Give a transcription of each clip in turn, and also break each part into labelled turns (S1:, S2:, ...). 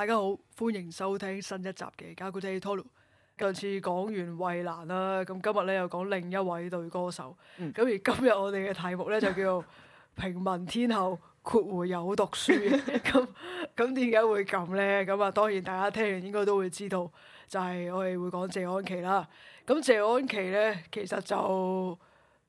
S1: 大家好，歡迎收聽新一集嘅《加古 o l 魯》。上次講完衛蘭啦，咁今日咧又講另一位女歌手。咁、嗯、而今日我哋嘅題目咧就叫做《平民天后括弧有讀書》。咁咁點解會咁咧？咁啊，當然大家聽完應該都會知道，就係、是、我哋會講謝安琪啦。咁謝安琪咧，其實就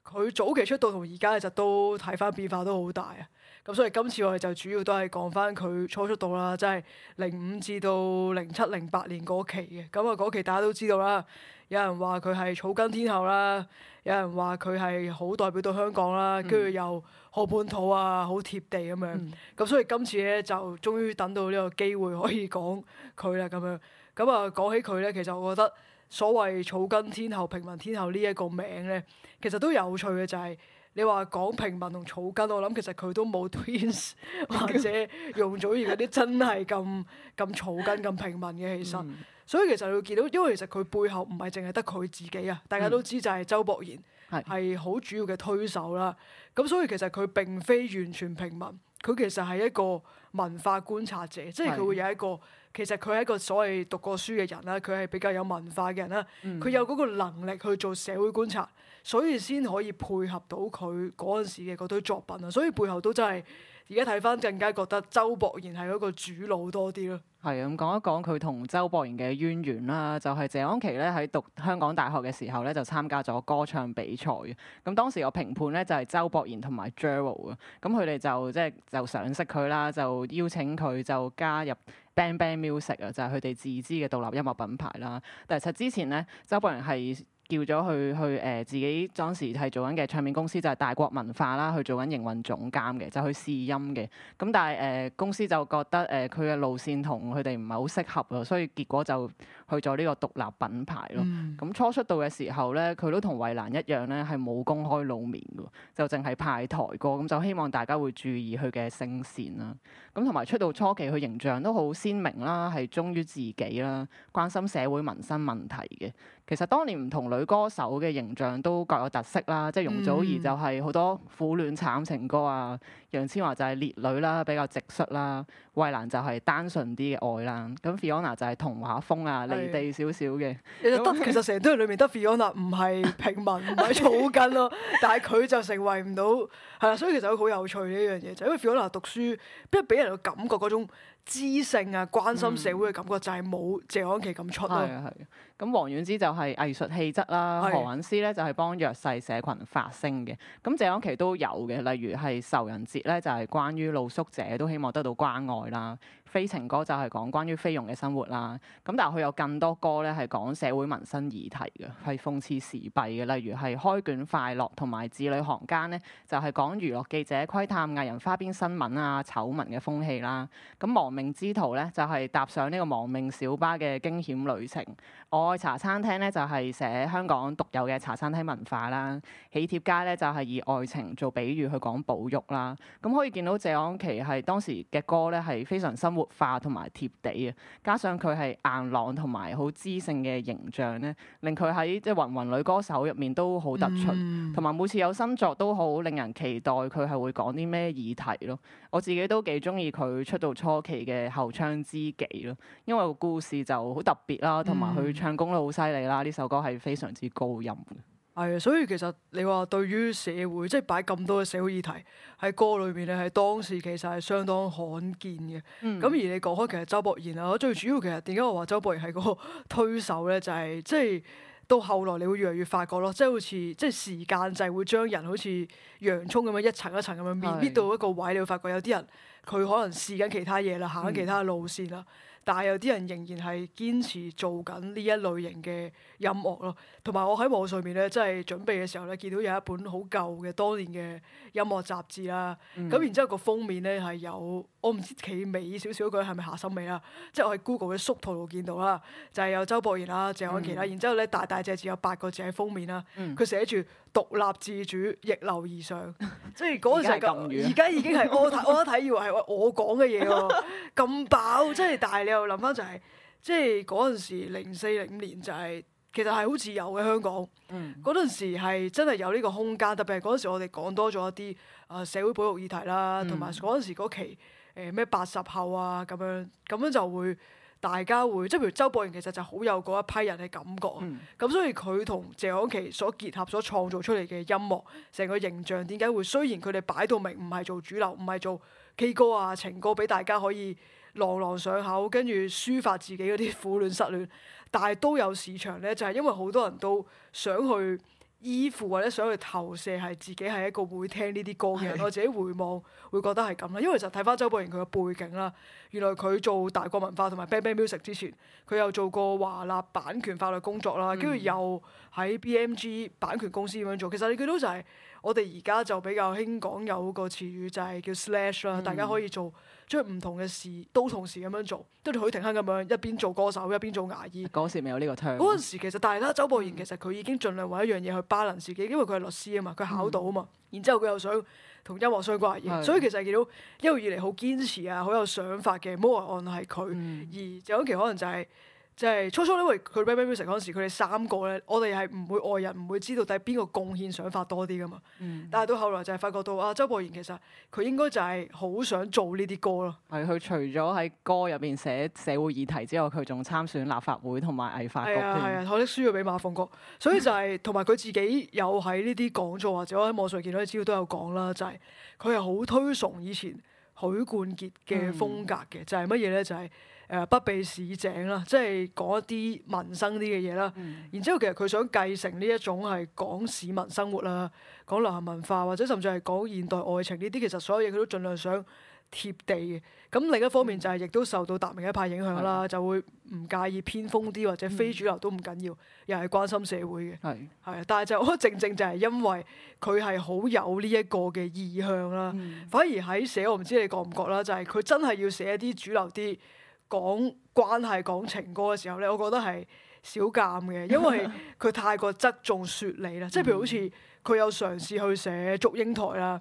S1: 佢早期出道同而家，其實都睇翻變化都好大啊。咁所以今次我哋就主要都係講翻佢初出道啦，即係零五至到零七、零八年嗰期嘅。咁啊嗰期大家都知道啦，有人話佢係草根天后啦，有人話佢係好代表到香港啦，跟住、嗯、又好本土啊、好貼地咁樣。咁、嗯、所以今次咧就終於等到呢個機會可以講佢啦咁樣。咁啊講起佢咧，其實我覺得所謂草根天后、平民天后呢一個名咧，其實都有趣嘅就係、是。你話講平民同草根，我諗其實佢都冇 Twins 或者容祖兒嗰啲真係咁咁草根咁平民嘅，其實、嗯。所以其實你會見到，因為其實佢背後唔係淨係得佢自己啊，大家都知就係周博賢係好主要嘅推手啦。咁所以其實佢並非完全平民，佢其實係一個文化觀察者，即係佢會有一個。其實佢係一個所謂讀過書嘅人啦，佢係比較有文化嘅人啦，佢有嗰個能力去做社會觀察，所以先可以配合到佢嗰陣時嘅嗰堆作品啊，所以背後都真係。而家睇翻陣間更加覺得周博賢係嗰個主腦多啲咯。
S2: 係啊，咁講一講佢同周博賢嘅淵源啦。就係、是、謝安琪咧喺讀香港大學嘅時候咧，就參加咗歌唱比賽。咁當時個評判咧就係周博賢同埋 Jewel 啊。咁佢哋就即係就賞識佢啦，就邀請佢就加入 Bang Bang Music 啊，就係佢哋自資嘅獨立音樂品牌啦。但係其實之前咧，周博賢係。叫咗去去誒自己嗰陣時係做緊嘅唱片公司就係、是、大國文化啦，去做緊營運總監嘅，就是、去試音嘅。咁但係誒、呃、公司就覺得誒佢嘅路線同佢哋唔係好適合啊，所以結果就去咗呢個獨立品牌咯。咁、嗯、初出道嘅時候咧，佢都同衛蘭一樣咧，係冇公開露面嘅，就淨係派台歌，咁就希望大家會注意佢嘅聲線啦。咁同埋出道初期佢形象都好鮮明啦，係忠於自己啦，關心社會民生問題嘅。其實當年唔同女歌手嘅形象都各有特色啦，即係容祖兒就係好多苦戀慘情歌啊，嗯、楊千嬅就係烈女啦，比較直率啦，衞蘭就係單純啲嘅愛啦，咁 Fiona 就係童話風啊，的離地少少嘅。
S1: 其實得，其實成日都係裏面得 Fiona，唔係平民，唔係 草
S2: 根咯，但係佢就
S1: 成為唔到，係啦。所以其實佢好有趣呢樣嘢，就係、因為 Fiona 讀書，不係俾人個感覺嗰種。知性啊，關心社會嘅感覺、嗯、就係冇謝安琪咁出咯。
S2: 咁、哦、王菀之就係藝術氣質啦，的何韻詩咧就係幫弱勢社群發聲嘅。咁的謝安琪都有嘅，例如係愁人節咧，就係關於露宿者都希望得到關愛啦。《菲情歌》就係講關於菲傭嘅生活啦，咁但係佢有更多歌咧係講社會民生議題嘅，係諷刺時弊嘅，例如係《開卷快樂》同埋《子女行間》咧，就係講娛樂記者窺探藝人花邊新聞啊、醜聞嘅風氣啦。咁亡命之徒咧就係踏上呢個亡命小巴嘅驚險旅程，《我愛茶餐廳》咧就係寫香港獨有嘅茶餐廳文化啦，《喜帖街》咧就係以愛情做比喻去講保育啦。咁可以見到謝安琪係當時嘅歌咧係非常生活化同埋貼地啊，加上佢係硬朗同埋好知性嘅形象咧，令佢喺即係芸芸女歌手入面都好突出，同埋每次有新作都好令人期待佢係會講啲咩議題咯。我自己都幾中意佢出道初期嘅後窗知己咯，因為個故事就好特別啦，同埋佢唱功都好犀利啦。呢首歌係非常之高音
S1: 係啊，嗯、所以其實你話對於社會，即、就、係、是、擺咁多嘅社會議題喺歌裏面咧，係當時其實係相當罕見嘅。咁、嗯、而你講開其實周博賢啊，我最主要其實點解我話周博賢係嗰個推手咧，就係即係到後來你會越嚟越發覺咯，即、就、係、是、好似即係時間就係會將人好似洋葱咁樣一層一層咁樣搣，是到一個位，你會發覺有啲人佢可能試緊其他嘢啦，行緊其他路線啦。嗯。但係有啲人仍然係堅持做緊呢一類型嘅音樂咯，同埋我喺網上面咧，即係準備嘅時候咧，見到有一本好舊嘅當年嘅音樂雜誌啦，咁、嗯、然之後個封面咧係有。我唔知企尾少少嗰個係咪下心尾啦，即係我喺 Google 嘅縮圖度見到啦，就係、是、有周博賢啦、謝安琪啦，然之後咧大大隻字有八個字喺封面啦，佢、嗯、寫住獨立自主逆流而上，即係嗰陣時咁，而家 已經係我我一睇以為係我講嘅嘢喎，咁飽，即係 但係你又諗翻就係、是，即係嗰陣時零四零五年就係、是、其實係好自由嘅香港，嗰陣、嗯、時係真係有呢個空間，特別係嗰陣時我哋講多咗一啲啊社會保育議題啦，同埋嗰陣時嗰期。誒咩八十後啊，咁樣咁樣就會大家會即係譬如周柏豪其實就好有嗰一批人嘅感覺，咁、嗯、所以佢同謝安琪所結合所創造出嚟嘅音樂，成個形象點解會雖然佢哋擺到明唔係做主流，唔係做 K 歌啊情歌俾大家可以朗朗上口，跟住抒發自己嗰啲苦戀失戀，但係都有市場呢，就係、是、因為好多人都想去。依附或者想去投射，係自己係一個會聽呢啲歌嘅人咯的。自己回望會覺得係咁咯，因為其實睇翻周柏豪佢嘅背景啦。原來佢做大國文化同埋 Bang Bang Music 之前，佢又做過華納版權法律工作啦，跟住、嗯、又喺 B M G 版權公司咁樣做。其實你見到就係我哋而家就比較興講有個詞語就係叫 slash 啦、嗯，大家可以做將唔同嘅事都同時咁樣做，跟住許廷鏗咁樣一邊做歌手一邊做牙醫。
S2: 嗰時未有呢個 trend。嗰陣
S1: 時其實，但係咧，周博賢其實佢已經盡量為一樣嘢去平衡自己，因為佢係律師啊嘛，佢考到啊嘛，嗯、然之後佢又想。同音樂相關嘅，的所以其實見到一路以嚟好堅持啊，好有想法嘅，摩亞案係佢，而謝安琪可能就係、是。即係初初因為佢《Baby Baby Baby》嗰時，佢哋三個咧，我哋係唔會外人唔會知道，但係邊個貢獻想法多啲噶嘛。嗯、但係到後來就係發覺到啊，周博賢其實佢應該就係好想做呢啲歌咯。
S2: 係，佢除咗喺歌入邊寫社會議題之外，佢仲參選立法會同埋藝發局。係啊係啊，可惜輸咗俾馬逢國，所以就係同埋佢自己有喺呢啲講座或者我喺網上見到啲
S1: 資料都有講啦，就係佢係好推崇以前許冠傑嘅風格嘅、嗯，就係乜嘢咧？就係。誒不避市井啦，即係講一啲民生啲嘅嘢啦。嗯、然之後其實佢想繼承呢一種係講市民生活啦、啊，講流行文化或者甚至係講現代愛情呢啲，其實所有嘢佢都盡量想貼地嘅。咁另一方面就係亦都受到達明一派影響啦，的就會唔介意偏鋒啲或者非主流都唔緊要，又係、嗯、關心社會嘅。係係的，但係就呵呵正，正正就係因為佢係好有呢一個嘅意向啦，嗯、反而喺寫我唔知你覺唔覺啦，就係、是、佢真係要寫啲主流啲。講關係講情歌嘅時候咧，我覺得係少鑒嘅，因為佢太過側重說理啦。 即係譬如好似佢有嘗試去寫《祝英台》啦，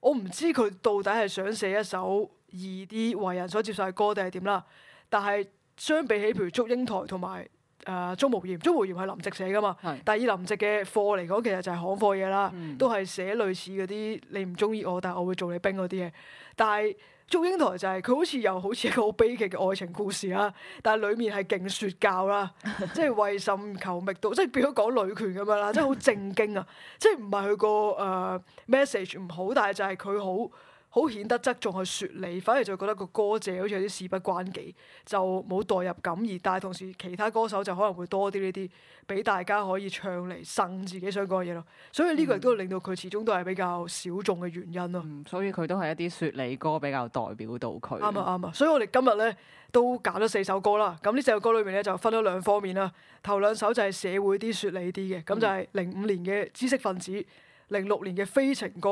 S1: 我唔知佢到底係想寫一首易啲為人所接受嘅歌定係點啦。但係相比起譬如《祝英台》同埋誒《鍾無艷》無，是《鍾無艷》係林夕寫㗎嘛。但係以林夕嘅貨嚟講，其實就係行貨嘢啦，都係寫類似嗰啲你唔中意我，但係我會做你兵嗰啲嘢。但係《祝英台》就係佢好似又好似一個好悲劇嘅愛情故事啦，但係裡面係勁説教啦，即係為甚求覓到，即係變咗講女權咁樣啦，即係好正經啊，即係唔係佢個誒 message 唔好，但係就係佢好。好顯得側重去説理，反而就覺得個歌者好似有啲事不關己，就冇代入感而大。而但係同時，其他歌手就可能會多啲呢啲，俾大家可以唱嚟，呻自己想講嘅嘢咯。所以呢個亦都令到佢始終都係比較
S2: 小眾嘅原因咯、嗯。所以佢都係一啲説理歌比較代表到佢。啱啊啱啊！所以
S1: 我哋今日咧都揀咗四首歌啦。咁呢四首歌裏面咧就分咗兩方面啦。頭兩首就係社會啲説理啲嘅，咁就係零五年嘅知識分子。嗯零六年嘅《非情歌》，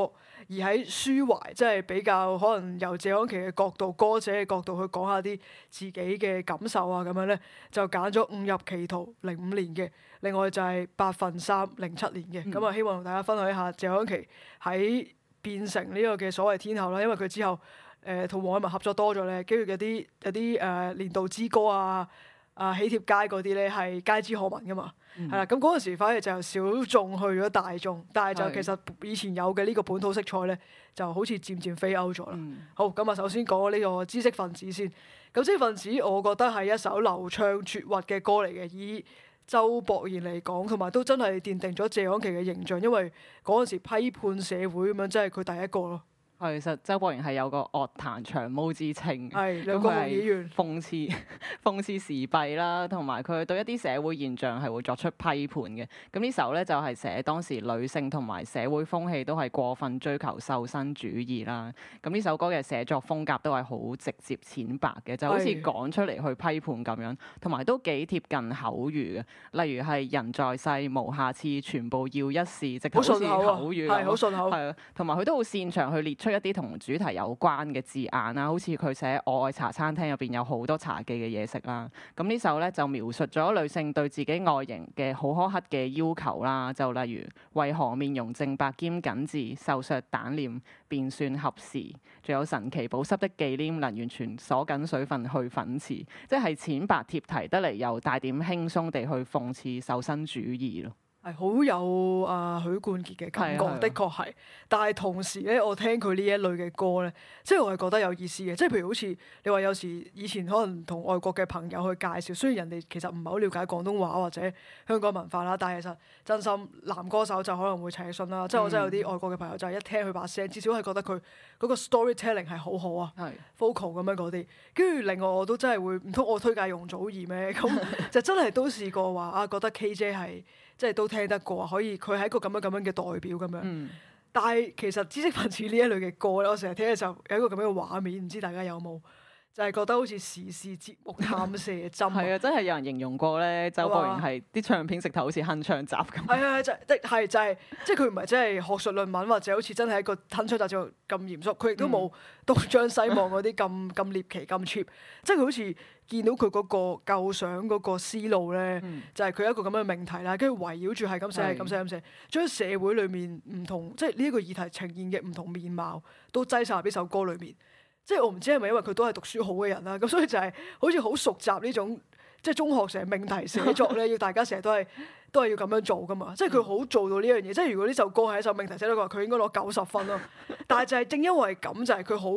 S1: 而喺抒懷，即係比較可能由謝安琪嘅角度、歌者嘅角度去講下啲自己嘅感受啊，咁樣咧就揀咗《誤入歧途》零五年嘅，另外就係、是《八分三》零七年嘅，咁啊、嗯，希望同大家分享一下謝安琪喺變成呢個嘅所謂天后啦，因為佢之後誒同黃偉文合作多咗咧，跟住嗰啲有啲誒、呃、年度之歌啊、啊喜帖街嗰啲咧係街知巷聞噶嘛。係啦，咁嗰陣時反而就由小眾去咗大眾，但係就其實以前有嘅呢個本土色彩呢，就好似漸漸飛歐咗啦。好，咁啊，首先講呢個知識分子先。咁知識分子，我覺得係一首流暢絕韻嘅歌嚟嘅，以周博賢嚟講，同埋都真係奠定咗謝安琪嘅形象，因為嗰陣時批判社會
S2: 咁樣，真係佢第一個咯。其實周國賢係有個樂壇長毛之稱，都係是諷刺諷刺時弊啦，同埋佢對一啲社會現象係會作出批判嘅。咁呢首咧就係寫當時女性同埋社會風氣都係過分追求瘦身主義啦。咁呢首歌嘅寫作風格都係好直接淺白嘅，就好似講出嚟去批判咁樣，同埋都幾貼近口語嘅。例如係人在世無下次，全部要一試，直講係口語，係好順口，係啊，同埋佢都好擅長去列出，一啲同主題有關嘅字眼啦，好似佢寫我愛茶餐廳入邊有好多茶記嘅嘢食啦。咁呢首咧就描述咗女性對自己外形嘅好苛刻嘅要求啦。就例如為何面容淨白兼緊致、瘦削蛋臉便算合時，仲有神奇保濕的忌廉能完全鎖緊水分去粉刺，即係淺白貼題得嚟又帶點輕鬆地去諷刺瘦身主義咯。
S1: 係好有阿、呃、許冠傑嘅感覺，是啊、的確係。但係同時咧，我聽佢呢一類嘅歌咧，即係我係覺得有意思嘅。即係譬如好似你話有時以前可能同外國嘅朋友去介紹，雖然人哋其實唔係好了解廣東話或者香港文化啦，但係其實真心男歌手就可能會陳奕迅啦。即係我真係有啲外國嘅朋友就係一聽佢把聲，至少係覺得佢嗰個 storytelling 係好好啊。是 vocal 咁樣嗰啲。跟住另外我都真係會唔通我推介容祖兒咩？咁就真係都試過話啊，覺得 K 姐係即係都。聽得過啊，可以佢係一個咁樣咁樣嘅代表咁樣。嗯、但係其實知識分子呢一類嘅歌咧，我成日聽嘅時候有一個咁樣嘅畫面，唔知大家有冇？就係覺得好似時事節目探射
S2: 針，係啊， 真係有人形容過咧，周博賢係啲唱片直頭好似哼唱集咁。
S1: 係啊、 就是，即係，就係，即係佢唔係真係學術論文，或者好似真係一個哼唱集就咁嚴肅。佢亦都冇東張西望嗰啲咁咁獵奇咁 cheap。即係佢好似見到佢嗰個構想嗰個思路咧，就係、是、佢一個咁樣嘅命題啦。跟住圍繞住係咁寫，係咁寫，咁寫，將社會裏面唔同，即係呢一個議題呈現嘅唔同面貌，都擠晒喺呢首歌裏面。即係我唔知係咪因為佢都係讀書好嘅人啦，咁所以就係好似好熟習呢種即係中學成日命題寫作咧，要大家成日都係都係要咁樣做噶嘛。即係佢好做到呢樣嘢。即係如果呢首歌係一首命題寫作嘅話，佢應該攞九十分咯。但係就係正因為咁，就係佢好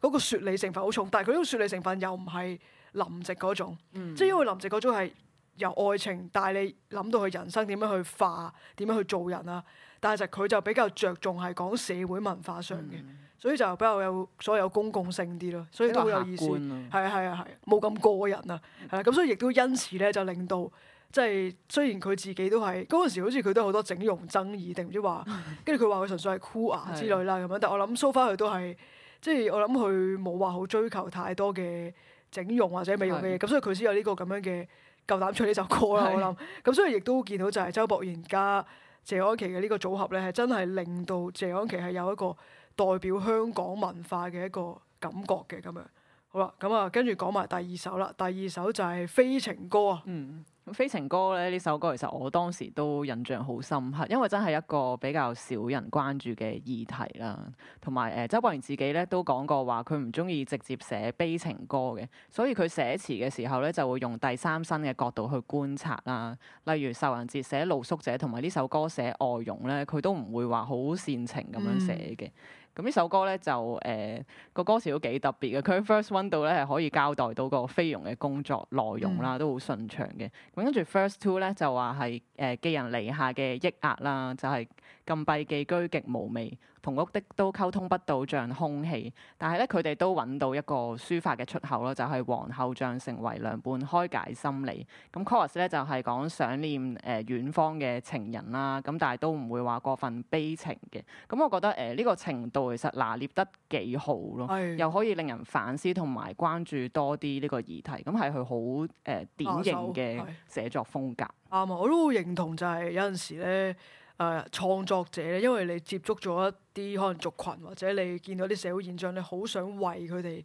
S1: 嗰個説理成分好重，但係佢呢個説理成分又唔係林夕嗰種，嗯、即係因為林夕嗰種係。由愛情帶你諗到佢人生點樣去化，點樣去做人啊？但係就佢就比較着重係講社會文化上嘅，嗯、所以就比較有所謂有公共性啲咯。所以都好有意思，係啊係啊係冇咁個人啊，係啦。咁所以亦都因此咧，就令到即係、就是、雖然佢自己都係嗰陣時，好似佢都好多整容爭議定唔知話，跟住佢話佢純粹係箍牙之類啦咁樣。的但係我諗 so far 佢都係即係我諗佢冇話好追求太多嘅整容或者美容嘅嘢，咁的所以佢先有呢個咁樣嘅。夠膽唱呢首歌啦，我諗咁，是所以亦都見到就係周博賢加謝安琪嘅呢個組合咧，係真係令到謝安琪係有一個代表香港文化嘅一個感覺嘅咁樣。好啦，咁啊跟住講埋第二首啦，第二首就係、是《非情歌》啊。嗯
S2: 非情歌咧，呢首歌，其實我當時都印象好深刻，因為真係一個比較少人關注嘅議題啦。同埋誒周國賢自己咧都講過話，佢唔中意直接寫悲情歌嘅，所以佢寫詞嘅時候咧就會用第三身嘅角度去觀察啦。例如受難節寫露宿者，同埋呢首歌寫外傭咧，佢都唔會話好煽情咁樣寫嘅。嗯咁呢、嗯、首歌咧就誒個、呃、歌詞都幾特別嘅，佢喺 first one 度咧係可以交代到個菲傭嘅工作內容啦，嗯、都好順暢嘅。咁跟住 first two 咧就話係誒寄人籬下嘅抑壓啦，就係、是。禁閉寄居極無味，同屋的都溝通不到像空氣。但係咧，佢哋都揾到一個抒發嘅出口咯，就係、是、皇后像成為良伴，開解心理。咁《Chorus》咧就係、是、講想念誒、呃、遠方嘅情人啦。咁但係都唔會話過分悲情嘅。咁我覺得誒呢、呃這個程度其實拿捏得幾好咯，的又可以令人反思同埋關注多啲呢個議題。咁係佢好誒典型嘅寫作風格。
S1: 啱啊，我都好認同，就係有陣時咧。誒、啊、創作者咧，因為你接觸咗一啲可能族群，或者你見到啲社會現象，你好想為佢哋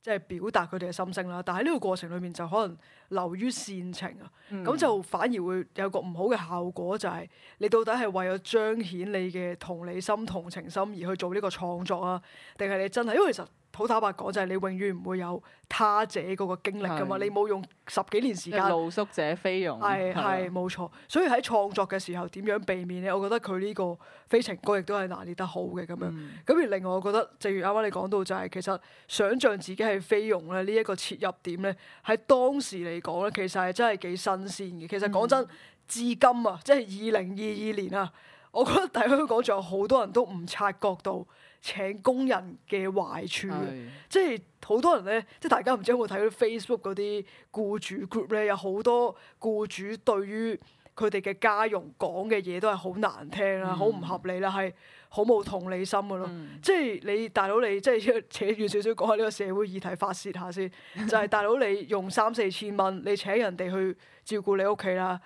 S1: 即係表達佢哋嘅心聲啦。但喺呢個過程裏面，就可能流於煽情啊，咁、嗯、就反而會有個唔好嘅效果，就係、是、你到底係為咗彰顯你嘅同理心、同情心而去做呢個創作啊，定係你真係因為其實。好坦白講，就係你永遠唔會有他者嗰個經歷㗎嘛，的你冇用十幾年時間。露
S2: 宿者菲傭，係係
S1: 冇錯，所以喺創作嘅時候點樣避免呢？我覺得佢呢個非情歌亦都係拿捏得好嘅咁樣。咁、嗯、而另外，我覺得正如啱啱你講到，就係、是、其實想像自己係菲傭咧，呢、這、一個切入點咧，喺當時嚟講咧，其實係真係幾新鮮嘅。其實講真，嗯、至今啊，即係二零二二年啊，嗯、我覺得喺香港仲有好多人都唔察覺到。請工人嘅壞處，的即係好多人咧，即係大家唔知有冇睇到 Facebook 嗰啲僱主 group 咧，有好多僱主對於佢哋嘅家傭講嘅嘢都係好難聽啦，好唔、嗯、合理啦，係好冇同理心嘅咯、嗯。即係你大佬你即係扯遠少少講下呢個社會議題發泄下先，就係、是、大佬你用三四千蚊你請人哋去照顧你屋企啦。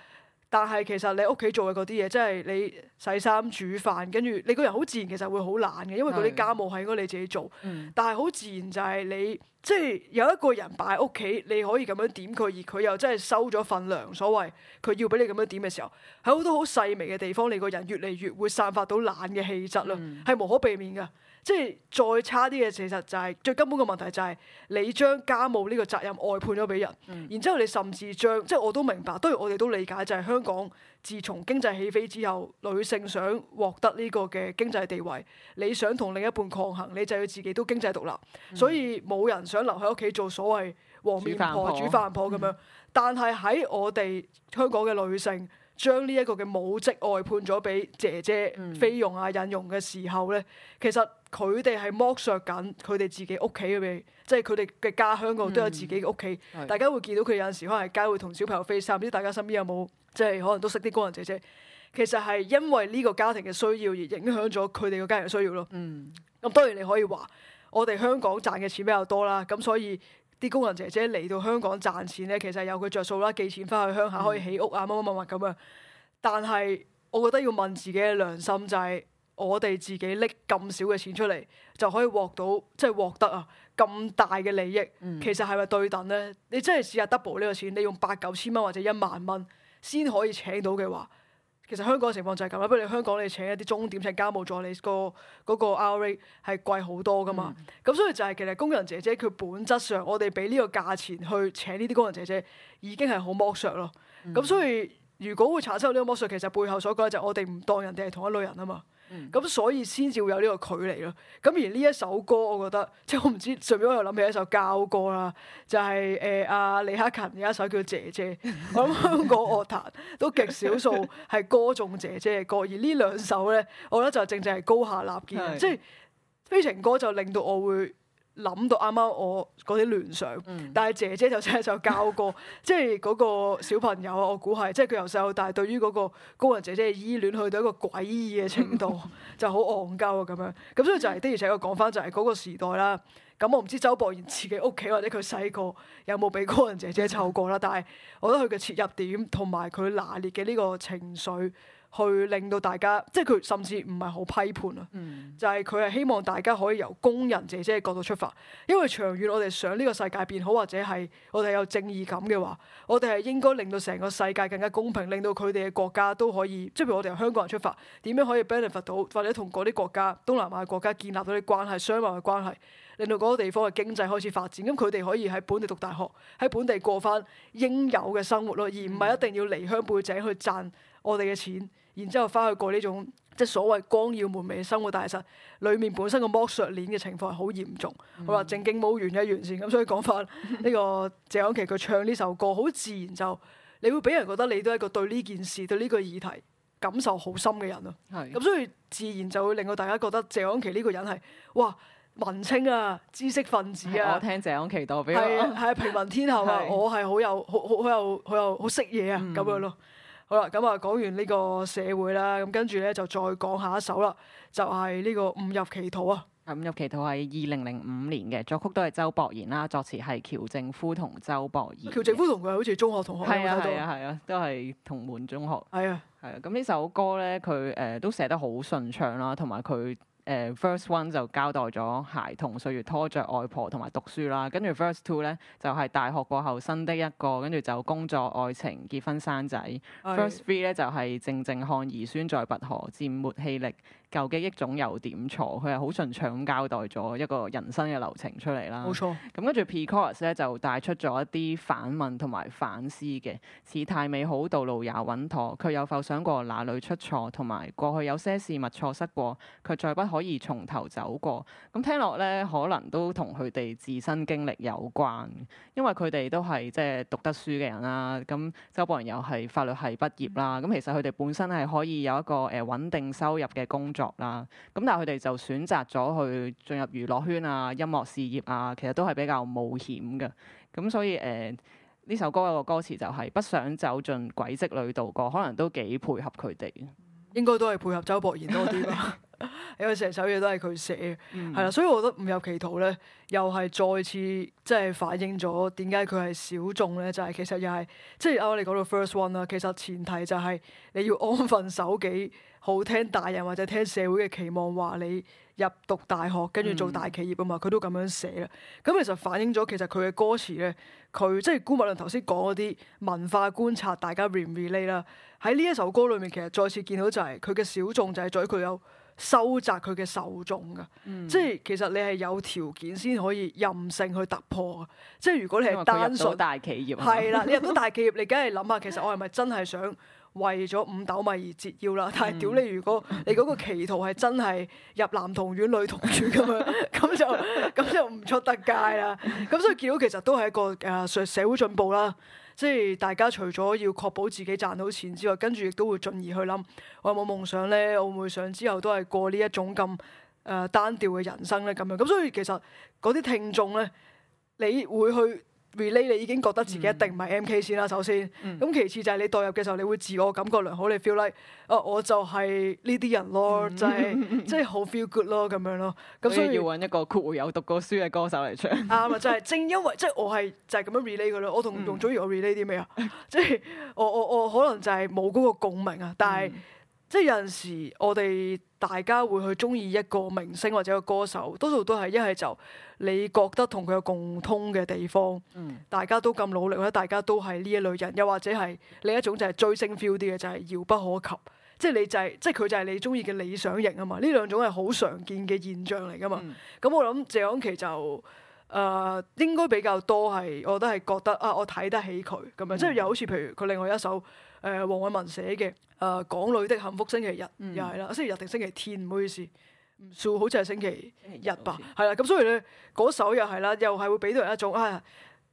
S1: 但係其實你屋企做嘅嗰啲嘢，即係你洗衫煮飯，跟住你個人好自然其實會好懶嘅，因為嗰啲家務係應該你自己做。的但係好自然就係你，即係有一個人擺喺屋企，你可以咁樣點佢，而佢又真係收咗份糧，所謂佢要俾你咁樣點嘅時候，喺好多好細微嘅地方，你個人越嚟越會散發到懶嘅氣質啦，係的無可避免㗎。即係再差啲嘅，其實就係最根本嘅問題就係你將家務呢個責任外判咗俾人，嗯、然之後你甚至將即係我都明白，當然我哋都理解，就係香港自從經濟起飛之後，女性想獲得呢個嘅經濟地位，你想同另一半抗衡，你就要自己都經濟獨立，嗯、所以冇人想留喺屋企做所謂黃面婆、煮飯婆咁樣。嗯、但係喺我哋香港嘅女性，將呢一個嘅母職外判咗俾姐姐菲傭啊、印傭嘅時候呢，其實佢哋係剝削緊佢哋自己屋企嘅，即係佢哋嘅家鄉嗰度都有自己嘅屋企。嗯、大家會見到佢有陣時翻喺街會同小朋友 FaceTime，唔知大家身邊有冇即係可能都識啲工人姐姐。其實係因為呢個家庭嘅需要而影響咗佢哋嘅家庭嘅需要咯。咁、嗯、當然你可以話我哋香港賺嘅錢比較多啦，咁所以。啲工人姐姐嚟到香港賺錢咧，其實有佢着數啦，寄錢翻去鄉下可以起屋啊，乜乜乜乜咁啊。但係我覺得要問自己嘅良心，就係，就係我哋自己拎咁少嘅錢出嚟，就可以獲到即係、就係、獲得啊咁大嘅利益，其實係咪對等咧？你真係試下 double 呢個錢，你用八九千蚊或者一萬蚊先可以請到嘅話。其實香港嘅情況就係咁啦，不如你香港你請一啲鐘點請家務助理、嗰個嗰個 RA 係貴好多噶嘛，咁、嗯、所以就係其實工人姐姐佢本質上，我哋俾呢個價錢去請呢啲工人姐姐，已經係好剝削咯。咁、嗯、所以如果會產生呢個剝削，其實背後所講嘅就係我哋唔當人哋係同一類人啊嘛。咁、嗯、所以先至會有呢個距離咯。咁而呢一首歌，我覺得即係我唔知，順便我又諗起一首教歌啦，就係誒阿李克勤有一首叫《姐姐》， 我諗香港樂壇都極少數係歌頌姐姐嘅歌。而呢兩首咧，我覺得就正正係高下立見，即係非情歌就令到我會，諗到啱啱我嗰啲聯想，嗯、但係姐姐就真係就教過，即係嗰個小朋友我估係即係佢由細到大對於嗰個工人姐姐嘅依戀去到一個詭異嘅程度， 就好戇鳩啊咁樣，咁所以就係、是、 的而且確講返就係嗰個時代啦。咁我唔知周博賢自己屋企或者佢細個有冇俾工人姐姐湊過啦，但係我覺得佢嘅切入點同埋佢拿捏嘅呢個情緒，去令到大家即係佢甚至唔係好批判啦。嗯、就係佢係希望大家可以由工人姐姐嘅角度出發，因為長遠我哋想呢個世界變好，或者係我哋有正義感嘅話，我哋係應該令到成個世界更加公平，令到佢哋嘅國家都可以，即係譬如我哋由香港人出發，點樣可以 benefit 到，或者同嗰啲國家東南亞國家建立到啲關係、雙方嘅關係。令到嗰個地方嘅經濟開始發展，咁佢哋可以喺本地讀大學，喺本地過翻應有嘅生活咯，而唔係一定要離鄉背井去賺我哋嘅錢，然之後翻去過呢種即係所謂光耀門楣嘅生活。但其實裏面本身個剝削鏈嘅情況係好嚴重，嗯、好啦，正經冇完嘅完善咁，所以講翻呢個謝安琪佢唱呢首歌，好自然就，你會俾人覺得你都係一個對呢件事對呢個議題感受好深嘅人咯。咁係所以自然就會令到大家覺得謝安琪呢個人係哇。文青啊，知識分子啊，我聽謝
S2: 安琪多俾我係
S1: 平民天下啊。我係好有好好好有好有好識嘢啊，咁、嗯、樣咯、啊。好啦，咁啊講
S2: 完呢個社會啦，咁跟住咧就再講下一首啦，就係、是、呢、這個《誤入歧途》啊。《誤入歧途》係二零零五年嘅，作曲都係周博賢啦，作詞係喬正夫同周博賢。喬正
S1: 夫同佢好似中學同學，係啊係啊係
S2: 啊，都係同門中學。係啊係啊，咁呢首歌咧，佢誒都寫得好順暢啦，同埋佢。誒 first one 就交代咗孩童歲月拖着外婆同埋讀書啦，跟住 first two 咧就係大學過後新的一個，跟住就工作、愛情、結婚生、生仔、哎。first three 咧就係靜靜看兒孫在拔河，戰沒氣力。舊嘅一種有點錯，佢係好順暢交代咗一個人生嘅流程出嚟啦。冇錯，咁跟住 p c o r u s 咧就帶出咗一啲反問同埋反思嘅。事態美好，道路也穩妥，卻有否想過哪裏出錯？同埋過去有些事物錯失過，卻再不可以從頭走過。咁聽落咧，可能都同佢哋自身經歷有關，因為佢哋都係即係讀得書嘅人啦。咁周博仁又係法律系畢業啦，咁、嗯、其實佢哋本身係可以有一個誒穩定收入嘅工作。作啦，咁但係佢哋就選擇咗去進入娛樂圈啊、音樂事業啊，其實都係比較冒險嘅。咁所以誒、呢、呃、首歌有個歌詞就係不想走進軌跡裏度過，可能都幾配合佢哋，
S1: 應該都係配合周博賢多啲。 因為成首嘢都係佢寫，係啦、嗯，所以我覺得唔入歧途咧，又係再次即係反映咗點解佢係小眾咧，就係、是、其實又係即係啱啱你講到 first one 啦。其實前提就係、是、你要安分守己，好聽大人或者聽社會嘅期望，話你入讀大學跟住做大企業啊嘛。佢、嗯、都咁樣寫啦，咁其實反映咗其實佢嘅歌詞咧，佢即係姑勿論頭先講嗰啲文化觀察，大家 relate 啦。喺呢一首歌裏面，其實再次見到就係佢嘅小眾就係在佢有。收窄佢嘅受眾噶，嗯、即係其實你係有條件先可以任性去突破嘅。即係如果你係單純大企業，係 啦，你入到大企業，你梗係諗下，其實我係咪真係想為咗五斗米而折腰啦？但係屌你，嗯、如果你嗰個企圖係真係入男童院女童院咁樣，咁 就咁就唔出得街啦。咁所以見到其實都係一個誒社社會進步啦。即係大家除咗要確保自己賺到錢之外，跟住亦都會進而去諗，我有冇夢想咧？我會唔會想之後都係過呢一種咁誒單調嘅人生咧？咁樣咁，所以其實嗰啲聽眾咧，你會去 relate 你已經覺得自己一定唔係 MK 先啦，首先，咁其次就係你代入嘅時候，你會自我感覺良好，你 feel like，哦、啊，我就係呢啲人咯、 就是，就係、是、即係好 feel good 咯，咁樣咯，
S2: 咁所，所以要揾一個括弧有讀過書嘅歌手嚟唱，啱啊， 就係、
S1: 是、正因為即係、就是、我係就係咁樣 relate 佢咯，我同容祖兒 relate 啲咩啊？即係我我我可能就係冇嗰個共鳴啊，但係。 即係有陣時，我哋大家會去中意一個明星或者一個歌手，多數都係一係就你覺得同佢有共通嘅地方，大家都咁努力，或者大家都係呢一類人，又或者係另一種就係追星 feel 啲嘅，就係、是、遙不可及。即係你就係、是、即係佢就係你中意嘅理想型啊嘛。呢兩種係好常見嘅現象嚟噶嘛。咁、嗯、我諗謝安琪就誒、呃、應該比較多係，我都係覺得,覺得啊，我睇得起佢咁樣。嗯、即係又好似譬如佢另外一首。誒、呃、黃偉文寫嘅誒、呃、港女的幸福星期日又係、嗯、啦，星期日定星期天？唔好意思，唔少好似係星期日吧，係啦咁，所以咧嗰首又係啦，又係會俾到人一種、哎、呀啊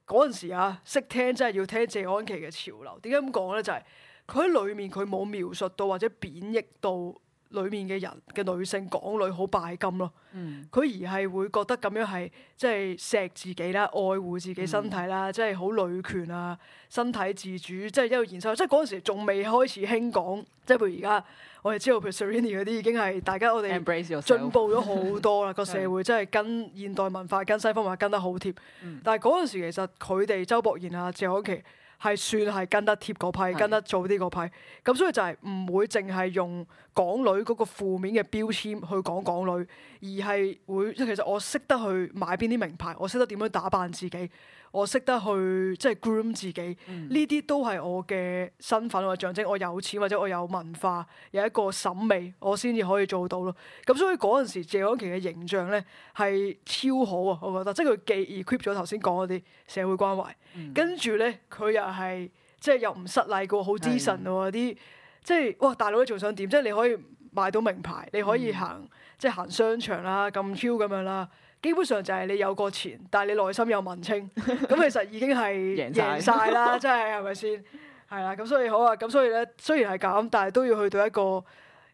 S1: 嗰陣時啊識聽真係要聽謝安琪嘅潮流，點解咁講咧？就係佢喺裏面佢冇描述到或者貶抑到。裡面嘅人嘅女性港女好拜金咯，佢、嗯、而係會覺得咁樣係即係錫自己啦，愛護自己身體啦，嗯、即係好女權啊，身體自主，即係一路延續。即係嗰陣時仲未開始興講，即係譬如而家我哋知道譬如 Serrini 嗰啲已經係大家我哋進步咗好多啦，個、嗯、 社會真係跟現代文化跟西方文化跟得好貼。嗯、但係嗰陣時其實佢哋周博賢啊，謝安琪。係算係跟得貼嗰批，跟得早啲嗰批，咁所以就係唔會淨係用港女嗰個負面嘅標籤去講港女，而係會，其實我識得去買邊啲名牌，我識得點樣打扮自己。我識得去即係 groom 自己，呢啲都係我嘅身份或者象徵我有錢或者我有文化，有一個審美，我先至可以做到咯。咁所以嗰陣時謝安琪嘅形象咧係超好啊，我覺得，即係佢既 equip 咗頭先講嗰啲社會關懷，嗯、跟住咧佢又係即係又唔失禮過好姿神喎啲，即係哇！大佬你仲想點？即係你可以買到名牌，你可以行即係行商場啦，咁 Q 咁樣啦。基本上就係你有個錢，但係你內心有文青，咁 其實已經係贏晒啦，贏了 真係係咪先？係啦，咁所以好啊，咁所以咧，雖然係咁，但係都要去到一個而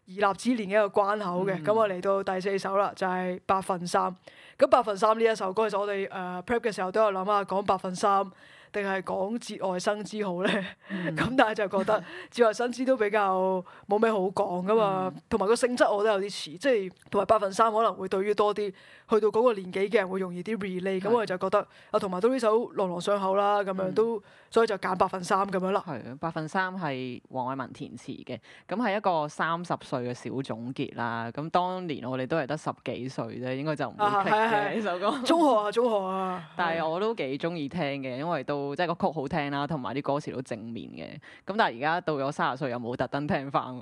S1: 立之年嘅一個關口嘅，咁、嗯、我嚟到第四首啦，就係、是、百分三。咁百分三呢一首歌，其實我哋誒、呃、prep 嘅時候都有諗啊，講百分三。定係講節外生枝好咧？咁但係就覺得節外生枝都比較冇咩好講噶嘛，同埋個性質我都有啲似，即係同埋百分三可能會對於多啲去到嗰個年紀嘅人會容易啲 relate。咁我哋就覺得啊，同埋都呢首朗朗上口啦，
S2: 咁樣都所以就揀百分三咁樣啦。係啊，百分三係黃偉文填詞嘅，咁係一個三十歲嘅小總結啦。咁當年我哋都係得十幾歲啫，應該就唔會聽嘅呢
S1: 首歌。中學啊，中學啊，
S2: 但係我都幾中意聽嘅，因為都。即係個曲好聽啦，同埋啲歌詞都正面嘅。咁但係而家到咗卅歲，又冇特登聽翻。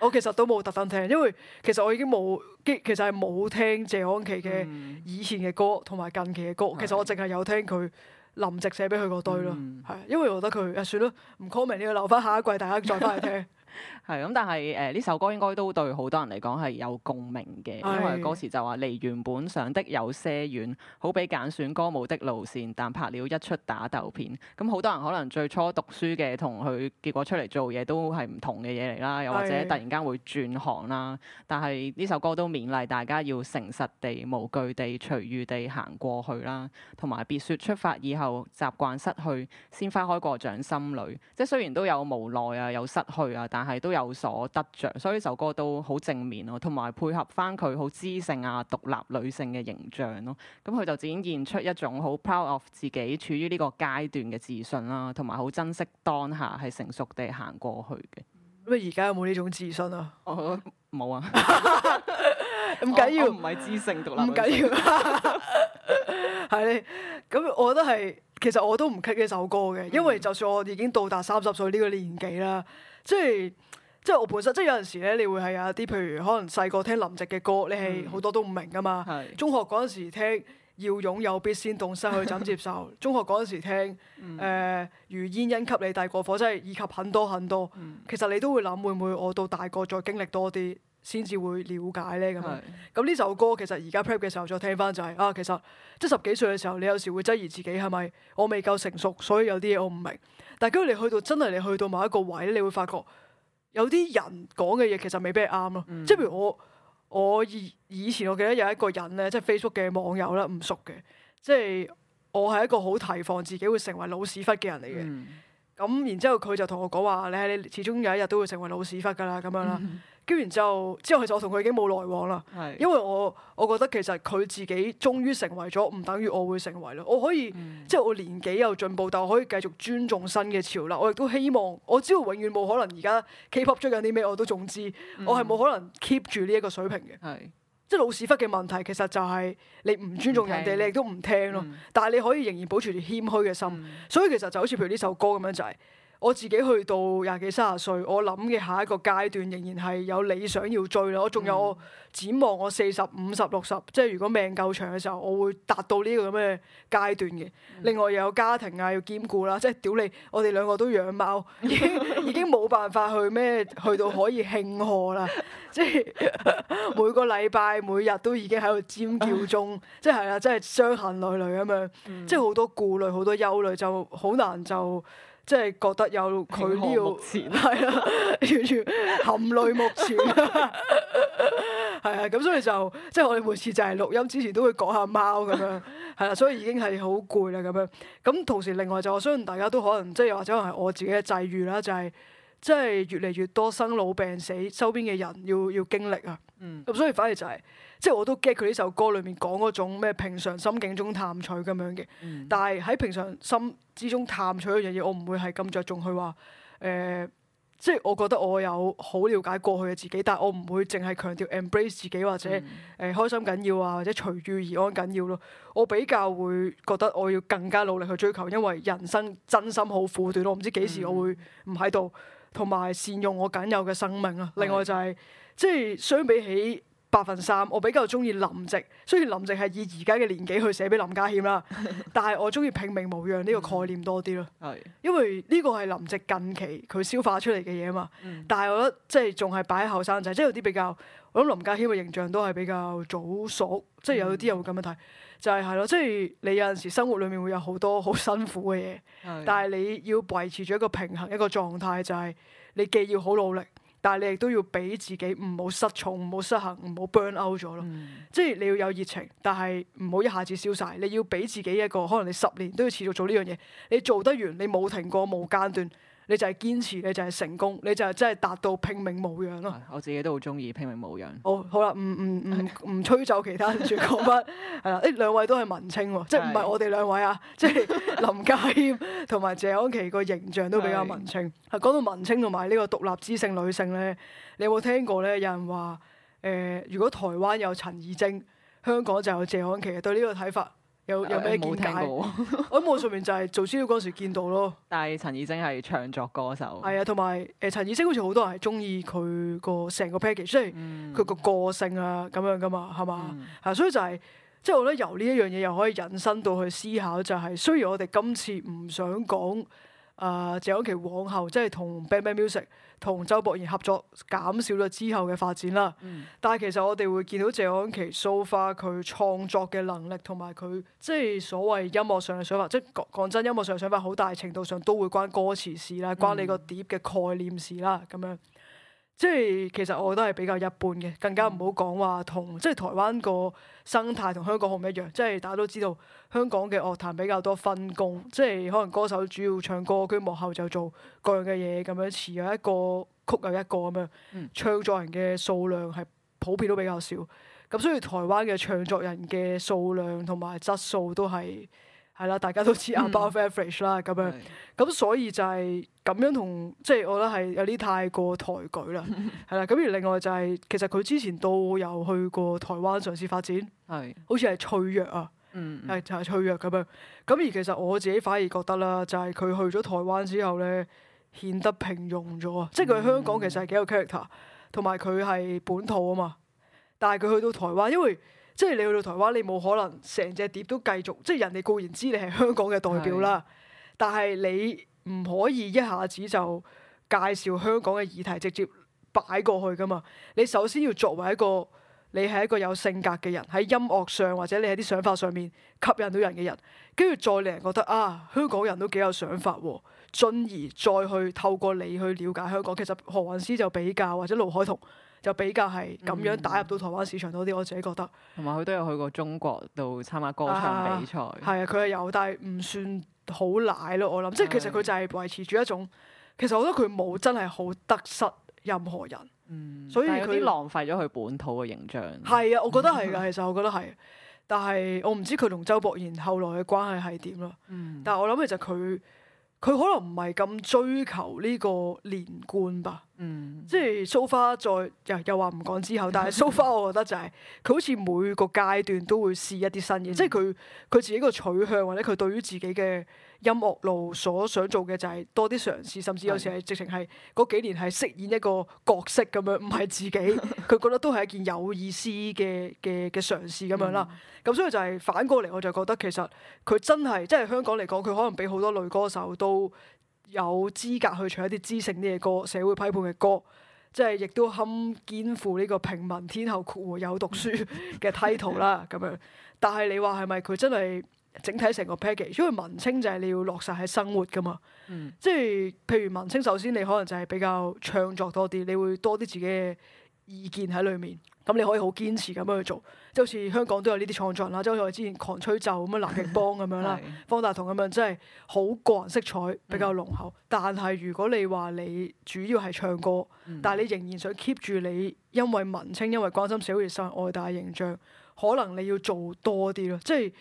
S2: 我其實都冇特登聽，因為其實我已經冇，其實係冇聽
S1: 謝安琪嘅以前嘅歌,歌，同埋近期嘅歌。其實我淨係有聽佢林夕寫俾佢嗰堆咯，係、嗯、因為我覺得佢啊，算啦，唔 comment 你、這、要、個、留翻下,下一季，大家再翻去聽。
S2: 係咁，但係誒呢首歌應該都對好多人嚟講係有共鳴嘅，因為歌詞就話離是的 原本想的有些遠，好比揀選歌舞的路線，但拍了一出打鬥片。咁、嗯、好多人可能最初讀書嘅同佢結果出嚟做嘢都係唔同嘅嘢嚟啦，又或者突然間會轉行啦。但係呢首歌都勉勵大家要誠實地、無懼地、隨遇地行過去啦，同埋別説出發以後習慣失去鮮花開過掌心裏。即係雖然都有無奈啊，有失去啊，但係都有。有所得着，所以呢首歌都好正面咯，同埋配合翻佢好知性啊、獨立女性嘅形象咯。咁佢就展現出一種好 proud of 自己處於呢個階段嘅自信啦，同埋好珍惜當下，係成熟地行過去嘅。
S1: 咁啊，而家有冇呢種自信我啊？哦 係，
S2: 冇啊，唔緊要，唔係知性獨立性，唔緊
S1: 要，係 咁。 我覺得係，其實我都唔 cut 呢首歌嘅，因為就算我已經到達三十歲呢個年紀啦，即係。即係我本身，即係有陣時咧，你會係有一啲，譬如可能細個聽林夕嘅歌，你係好多都唔明㗎嘛。是中學嗰陣時聽《要擁有必先懂失去怎接受》， 中學嗰陣時聽《呃、如煙因給你遞過火》，即係以及很多很多。 其實你都會諗，會唔會我到大個再經歷多啲，先至會了解呢？咁啊是？咁呢首歌其實而家 prep 嘅時候再聽返，就是，就係啊，其實即係十幾歲嘅時候，你有時會質疑自己係咪我未夠成熟，所以有啲嘢我唔明。但係跟住你去到真係你去到某一個位，你會發覺。有啲人講嘅嘢，其實未必係啱咯，即係譬如我我以以前我記得有一個人咧，即係 Facebook 嘅網友啦，唔熟嘅，即係我係一個好提防自己會成為老屎忽嘅人嚟嘅，咁、嗯、然之後佢就同我講話，你係你始終有一日都會成為老屎忽噶啦，咁樣啦。嗯跟完之後，之後其實我同佢已經冇來往啦，是的 因為我我覺得其實佢自己終於成為咗，唔等於我會成為咯。我可以、嗯、即係我年紀又進步，但我可以繼續尊重新嘅潮流。我亦都希望，我知道永遠冇可能 K。而家 K-pop 追緊啲咩我都仲知，嗯、我係冇可能 keep 住呢一個水平嘅。是的 即係老屎忽嘅問題，其實就係你唔尊重人哋，不聽 你亦都唔聽咯。嗯、但係你可以仍然保持住謙虛嘅心，嗯、所以其實就好似譬如呢首歌咁樣就係、是。我自己去到廿幾三十歲，我諗嘅下一個階段仍然係有理想要追啦。我仲有展望我四十五十六十，即係如果命夠長嘅時候，我會達到呢個咁嘅階段嘅。另外又有家庭啊要兼顧啦，即係屌你，我哋兩個都養貓，已經已經冇辦法去咩，去到可以慶賀啦。即係每個禮拜每日都已經喺度尖叫中， 即係係，即係傷痕累累咁樣，嗯、即係好多顧慮好多憂慮，就好難就。即係覺得有佢呢個，係啦，完全含淚目視，係 啊， 咁所以就即係、就是、我哋每次就係錄音之前都會講下貓咁樣，係啦，所以已經係好攰啦咁樣。咁同時另外就，我相信大家都可能即係又或者係我自己嘅際遇啦，就係即係越嚟越多生老病死周邊嘅人要要經歷啊。咁、嗯、所以反而就係、是。即係我都 get 佢呢首歌裏面講嗰種咩平常心境中探取咁樣嘅，嗯、但係喺平常心之中探取一樣嘢，我唔會係咁着重去話，誒、呃，即係我覺得我有好了解過去嘅自己，但係我唔會淨係強調 embrace 自己或者誒開心緊要啊，或者嗯呃、隨遇而安緊要咯。我比較會覺得我要更加努力去追求，因為人生真心好苦短咯，我唔知幾時我會唔喺度，同埋善用我僅有嘅生命啊。另外就係即係相比起。百分三，我比較中意林夕，雖然林夕係以而家嘅年紀去寫俾林家謙啦， 但係我中意拼命無恙呢、這個概念多啲咯。嗯、因為呢個係林夕近期佢消化出嚟嘅嘢啊嘛。嗯、但係我覺得，即係仲係擺喺後生仔，即、就、係、是、有啲比較。我諗林家謙嘅形象都係比較早熟，即、就、係、是、有啲人會咁樣睇、嗯，就係係咯。即係你有陣時生活裏面會有好多好辛苦嘅嘢，嗯、但係你要維持住一個平衡一個狀態，就係、是、你既要好努力。但係你亦都要俾自己唔好失重、唔好失衡、唔好 burn out 咗咯。嗯、即係你要有熱情，但係唔好一下子消曬。你要俾自己一個，可能你十年都要持續做呢樣嘢。你做得完，你冇停過、冇間斷。你就係堅持，你就係成功，你就係真係達到拼命無樣咯、啊。
S2: 我自己都好中意拼命無樣。
S1: 哦，好啦，唔唔唔唔吹走其他主角啦，係啦，誒 兩位都係文青喎，即係唔係我哋兩位啊，即係 林家謙同埋謝安琪個形象都比較文青。係講的到文青同埋呢個獨立知性女性咧，你有冇聽過咧？有人話誒、呃，如果台灣有陳綺貞，香港
S2: 就有謝安琪，
S1: 對呢個睇法。有有咩見解？聽
S2: 我喺網上面就係做資料嗰陣時見到咯。 但係陳綺貞係唱作歌手。
S1: 係啊，同埋誒陳綺貞好似好多人係中意佢個成個 package，即係佢個個性啊咁樣噶嘛，係嘛嚇？嗯、所以就係即係我覺得由呢一樣嘢又可以引申到去思考，就係雖然我哋今次唔想講。誒謝、呃、安琪往後即係同 Bang Bang Music 同周博賢合作，減少咗之後嘅發展啦。嗯、但係其實我哋會見到謝安琪 so far 佢創作嘅能力，同埋佢即係所謂音樂上嘅想法。即係講講真，音樂上嘅想法好大程度上都會關歌詞事啦，嗯、關你個碟嘅概念事啦，咁樣。即係其實我都係比較一般嘅，更加唔好講話同即係台灣個生態同香港好唔一樣。即係大家都知道，香港嘅樂壇比較多分工，即係可能歌手主要唱歌，跟住幕後就做各樣嘅嘢咁樣，詞有一個，曲有一個咁樣，唱作人嘅數量係普遍都比較少。咁所以台灣嘅唱作人嘅數量同埋質素都係。係啦，大家都知阿 b o r Fresh 啦，咁樣，咁是所以就係咁樣同，即、就、係、是、我覺得係有啲太過抬舉啦。係啦、嗯，咁而另外就係、是、其實佢之前都有去過台灣嘗試發展，係是，好似係脆弱啊，係、嗯、就係、是、脆弱咁樣。咁而其實我自己反而覺得啦，就係佢去咗台灣之後咧，顯得平庸咗。啊、嗯。即係佢香港其實係幾個 character，同埋佢係本土啊嘛，但係佢去到台灣，因為。即係你去到台灣，你冇可能成隻碟都繼續，即係人哋固然知你係香港嘅代表啦，的但係你唔可以一下子就介紹香港嘅議題直接擺過去㗎嘛。你首先要作為一個，你係一個有性格嘅人，喺音樂上或者你喺啲想法上面吸引到人嘅人，跟住再令人覺得啊，香港人都幾有想法，進而再去透過你去了解香港。其實何韻詩就比較或者盧海彤。就比較係咁樣打入到台灣市場多啲，嗯、我自己覺得。
S2: 同埋佢都有去過中國度參加歌唱比賽。係
S1: 啊，佢係有，但係唔算好奶咯。我諗，的即係其實佢就係維持住一種，其實我覺得佢冇真係好得失任何
S2: 人。嗯、所以有啲浪費咗佢本土嘅形象。係啊，我覺得係㗎。
S1: 其實我覺得係， 但係我唔知佢同周博賢後來嘅關係係點咯。嗯、但係我諗其實佢佢可能唔係咁追求呢個連貫吧。嗯、即係 so far 再又又話唔講之後，但係 so far 我覺得就係、是、佢 好似每個階段都會試一啲新嘢，嗯、即係佢佢自己個取向或者佢對於自己嘅音樂路所想做嘅就係多啲嘗試，甚至有時係直情係嗰幾年係飾演一個角色咁樣，唔係自己，佢覺得都係一件有意思嘅嘅嘅嘗試咁樣啦。咁、嗯、所以就係反過嚟，我就覺得其實佢真係即係香港嚟講，佢可能比好多女歌手都。都有資格去唱一啲知性啲嘅歌、社會批判嘅歌，即係亦都堪肩負呢個平民天后括弧有讀書嘅 title 啦，咁樣。但係你話係咪佢真係整體成個 package？因為文青就係你要落實喺生活噶嘛，嗯、即係譬如文青，首先你可能就係比較創作多啲，你會多啲自己意見喺裡面，咁你可以好堅持咁樣去做，即係好似香港都有呢啲創作人啦，即係好似我哋之前狂吹奏咁樣藍奕邦咁樣啦， 方大同咁樣，即係好個人色彩比較濃厚。但係如果你話你主要係唱歌，但係你仍然想 keep 住你因為文青因為關心社會民生而受愛戴形象，可能你要做多啲咯，即係。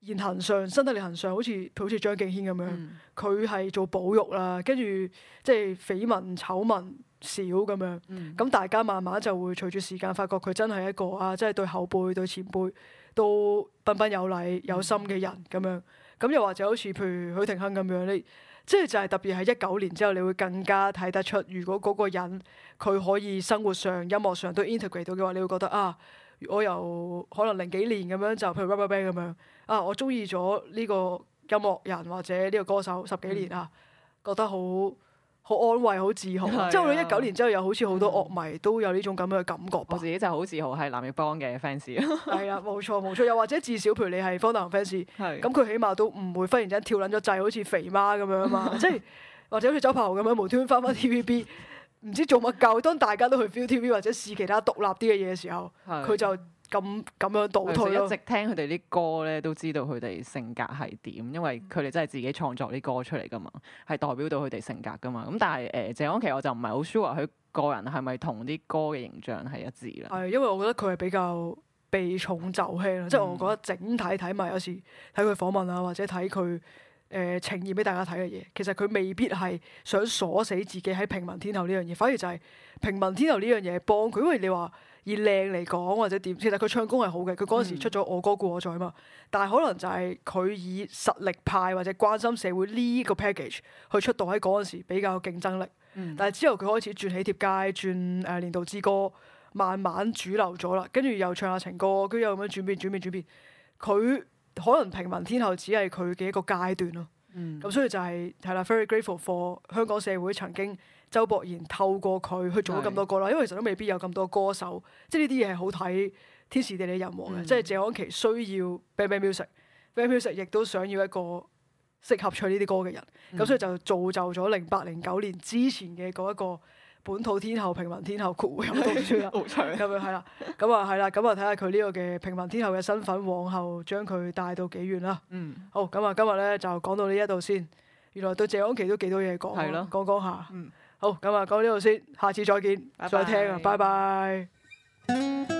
S1: 言行上、身體力行上，好似佢好似張敬軒咁樣，佢係、嗯、做保育啦、啊，跟住即係緋聞醜聞少咁樣，咁、嗯、大家慢慢就會隨住時間發覺佢真係一個啊，即、就、係、是、對後輩對前輩都彬彬有禮、有心嘅人咁樣。咁又或者好似譬如許廷鏗咁樣，你即係就係、是、特別喺一九年之後，你會更加睇得出，如果嗰個人佢可以生活上、音樂上都 integrate 到嘅話，你會覺得啊～我又可能零幾年咁樣就譬如 Rubberband 咁樣啊，我中意咗呢個音樂人或者呢個歌手十幾年啊，嗯、覺得好好安慰、好自豪。是啊、即係我諗一九年之後，又好似好多樂迷都有呢種咁樣嘅感覺。我自己就好自豪係南亦邦嘅 fans。係啊，冇錯冇錯。又或者至少陪你係方大同 fans。係。咁佢起碼都唔會忽然之間跳撚咗掣，好似肥媽咁樣啊嘛。即係 或者好似周柏豪咁樣無端端翻翻 TVB。唔知做乜鳩，當大家都去 ViuTV 或者試其他獨立啲嘅嘢嘅時候，佢的就咁咁樣倒退。一直
S2: 聽佢哋啲歌咧，都知道佢哋性格係點，因為佢哋真係自己創作啲歌出嚟噶嘛，係代表到佢哋性格噶嘛。咁但係誒、呃、謝安琪，我就唔係好 sure 佢個人係咪同啲歌嘅形象係一致啦。
S1: 係，因為我覺得佢係比較避重就輕，即係、嗯、我覺得整體睇埋有時睇佢訪問啊，或者睇佢。誒呈現俾大家睇嘅嘢，其實佢未必係想鎖死自己喺平民天后呢樣嘢，反而就係平民天后呢樣嘢幫佢。因為你話以靚嚟講或者點，其實佢唱功係好嘅，佢嗰陣時出咗我歌故我在啊嘛。嗯、但係可能就係佢以實力派或者關心社會呢個 package 去出道，喺嗰陣時比較競爭力。嗯、但係之後佢開始轉起貼街，轉誒、呃、年度之歌，慢慢主流咗啦。跟住又唱下情歌，跟住又咁樣轉變轉變轉變，佢。轉變轉變可能平民天后只係佢嘅一個階段咯，咁、嗯、所以就係係啦。Very grateful for 香港社會曾經周博賢透過佢去做咗咁多歌啦，對因為其實都未必有咁多歌手，即係呢啲嘢係好睇《天時地利人和》嘅，即係謝安琪需要 Band Music，Band Music 亦都想要一個適合唱呢啲歌嘅人，咁、嗯、所以就造就咗零八零九年之前嘅嗰一個。本土天后、平民天后，括入到書啦，咁樣係啦，咁啊係啦，咁啊睇下佢呢個嘅平民天后嘅身份，往後將佢帶到幾遠啦。嗯，好，咁啊今日咧就講到呢一度先。原來對謝安琪都幾多嘢對講，係咯、嗯，講講下。嗯，好，咁啊講呢度先，下次再見，拜拜再聽啊，拜拜。